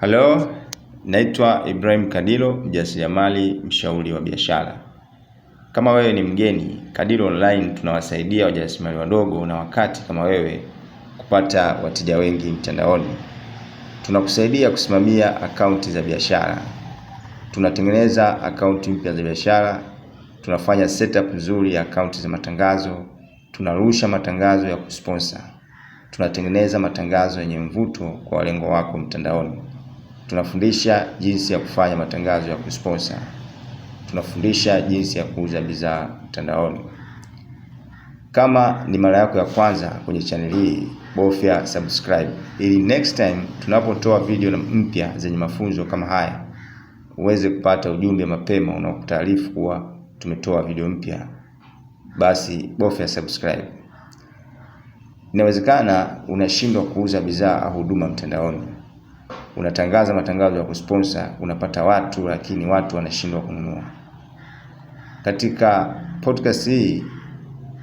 Halo, naitwa Ibrahim Kadilo, mjasiriamali, mshauri wa biashara. Kama wewe ni mgeni, Kadilo Online tunawasaidia wajasiriamali wadogo na wakati kama wewe kupata wateja wengi mtandaoni. Tunakusaidia kusimamia akaunti za biashara, tunatengeneza akaunti mpya za biashara, tunafanya setup nzuri ya akaunti za matangazo, tunarusha matangazo ya kusponsor, tunatengeneza matangazo yenye mvuto kwa walengo wako mtandaoni tunafundisha jinsi ya kufanya matangazo ya kusponsor, tunafundisha jinsi ya kuuza bidhaa mtandaoni. Kama ni mara yako ya kwanza kwenye channel hii, bofya subscribe ili next time tunapotoa video mpya zenye mafunzo kama haya uweze kupata ujumbe mapema unaokutaarifu kuwa tumetoa video mpya. Basi bofya subscribe. Inawezekana unashindwa kuuza bidhaa au huduma mtandaoni unatangaza matangazo ya kusponsor, unapata watu, lakini watu wanashindwa kununua. Katika podcast hii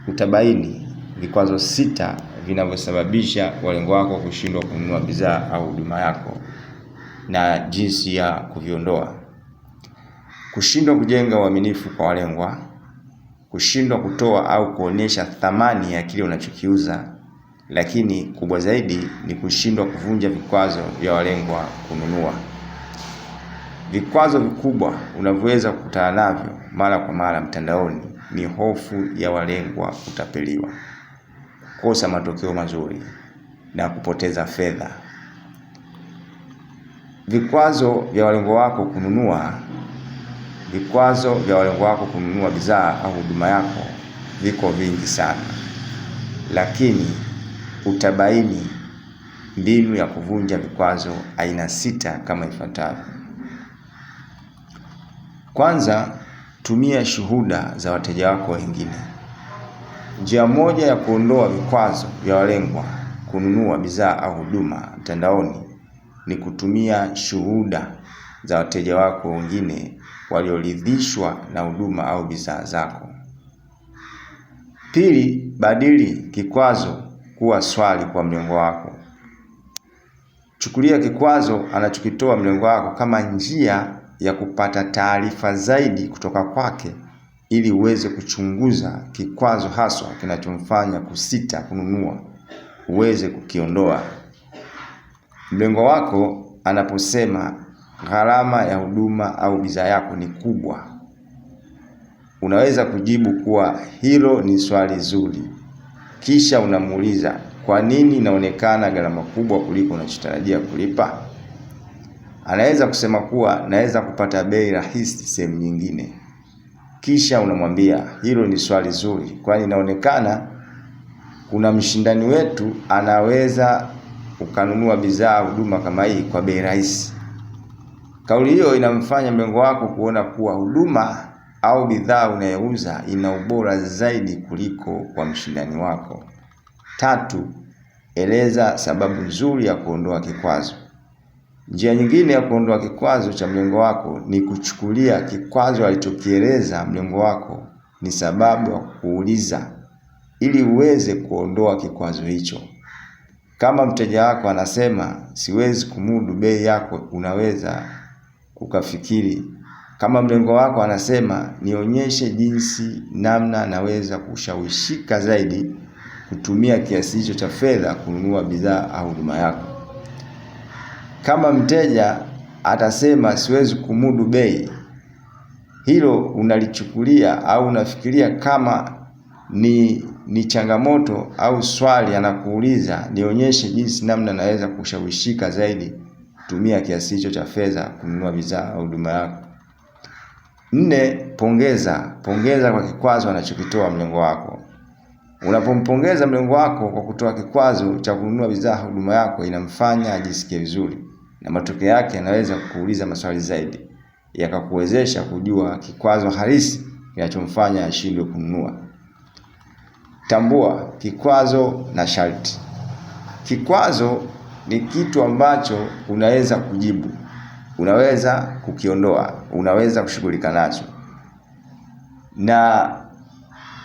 utabaini vikwazo sita vinavyosababisha walengo wako kushindwa kununua bidhaa au huduma yako na jinsi ya kuviondoa: kushindwa kujenga uaminifu kwa walengwa, kushindwa kutoa au kuonyesha thamani ya kile unachokiuza lakini kubwa zaidi ni kushindwa kuvunja vikwazo vya walengwa kununua. Vikwazo vikubwa unavyoweza kukutana navyo mara kwa mara mtandaoni ni hofu ya walengwa kutapeliwa, kukosa matokeo mazuri na kupoteza fedha. Vikwazo vya walengwa wako kununua vikwazo vya walengwa wako kununua bidhaa au huduma yako viko vingi sana, lakini utabaini mbinu ya kuvunja vikwazo aina sita kama ifuatavyo. Kwanza, tumia shuhuda za wateja wako wengine. Njia moja ya kuondoa vikwazo vya walengwa kununua bidhaa au huduma mtandaoni ni kutumia shuhuda za wateja wako wengine walioridhishwa na huduma au bidhaa zako. Pili, badili kikwazo kuwa swali kwa mlengo wako. Chukulia kikwazo anachokitoa mlengo wako kama njia ya kupata taarifa zaidi kutoka kwake ili uweze kuchunguza kikwazo haswa kinachomfanya kusita kununua, uweze kukiondoa. Mlengo wako anaposema gharama ya huduma au bidhaa yako ni kubwa, unaweza kujibu kuwa hilo ni swali zuri kisha unamuuliza kwa nini inaonekana gharama kubwa kuliko unachotarajia kulipa? Anaweza kusema kuwa naweza kupata bei rahisi sehemu nyingine. Kisha unamwambia hilo ni swali zuri, kwani inaonekana kuna mshindani wetu anaweza ukanunua bidhaa huduma kama hii kwa bei rahisi. Kauli hiyo inamfanya mlengo wako kuona kuwa huduma au bidhaa unayouza ina ubora zaidi kuliko kwa mshindani wako. Tatu, eleza sababu nzuri ya kuondoa kikwazo. Njia nyingine ya kuondoa kikwazo cha mlengo wako ni kuchukulia kikwazo alichokieleza mlengo wako ni sababu ya kuuliza ili uweze kuondoa kikwazo hicho. Kama mteja wako anasema siwezi kumudu bei yako, unaweza ukafikiri kama mlengo wako anasema nionyeshe jinsi namna naweza kushawishika zaidi kutumia kiasi hicho cha fedha kununua bidhaa au huduma yako. Kama mteja atasema siwezi kumudu bei, hilo unalichukulia au unafikiria kama ni ni changamoto au swali anakuuliza nionyeshe jinsi namna naweza kushawishika zaidi kutumia kiasi hicho cha fedha kununua bidhaa au huduma yako. Nne, pongeza. Pongeza kwa kikwazo anachokitoa mlengo wako. Unapompongeza mlengo wako kwa kutoa kikwazo cha kununua bidhaa huduma yako, inamfanya ajisikie vizuri, na matokeo yake anaweza kukuuliza maswali zaidi yakakuwezesha kujua kikwazo halisi kinachomfanya ashindwe kununua. Tambua kikwazo na sharti. Kikwazo ni kitu ambacho unaweza kujibu unaweza kukiondoa, unaweza kushughulika nacho, na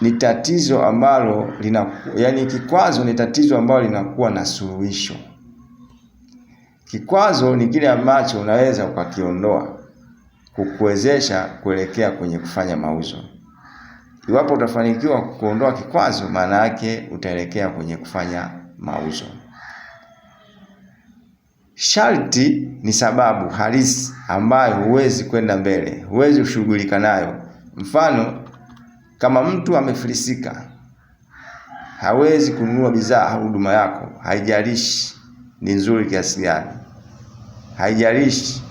ni tatizo ambalo lina, yani kikwazo ni tatizo ambalo linakuwa na suluhisho. Kikwazo ni kile ambacho unaweza ukakiondoa kukuwezesha kuelekea kwenye kufanya mauzo. Iwapo utafanikiwa kuondoa kikwazo, maana yake utaelekea kwenye kufanya mauzo. Sharti ni sababu halisi ambayo huwezi kwenda mbele, huwezi kushughulika nayo. Mfano, kama mtu amefilisika, hawezi kununua bidhaa au huduma yako, haijalishi ni nzuri kiasi gani, haijalishi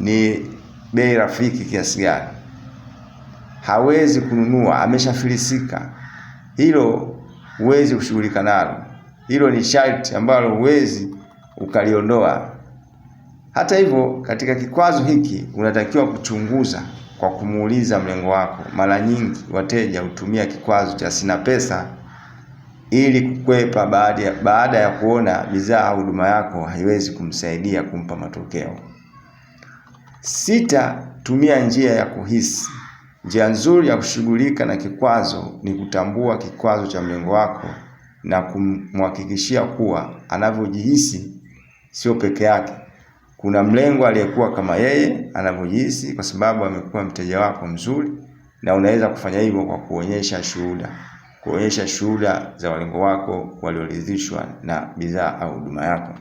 ni bei rafiki kiasi gani, hawezi kununua, ameshafilisika. Hilo huwezi kushughulika nalo, hilo ni sharti ambalo huwezi ukaliondoa. Hata hivyo, katika kikwazo hiki unatakiwa kuchunguza kwa kumuuliza mlengo wako. Mara nyingi wateja hutumia kikwazo cha sina pesa ili kukwepa baada ya, baada ya kuona bidhaa au huduma yako haiwezi kumsaidia kumpa matokeo. Sita, tumia njia ya kuhisi. Njia nzuri ya kushughulika na kikwazo ni kutambua kikwazo cha mlengo wako na kumhakikishia kuwa anavyojihisi sio peke yake. Kuna mlengo aliyekuwa kama yeye anavyojihisi, kwa sababu amekuwa mteja wako mzuri, na unaweza kufanya hivyo kwa kuonyesha shuhuda, kuonyesha shuhuda za walengo wako walioridhishwa na bidhaa au huduma yako.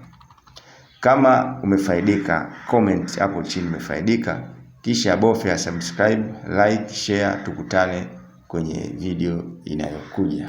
Kama umefaidika, comment hapo chini umefaidika, kisha bofya subscribe, like, share. Tukutane kwenye video inayokuja.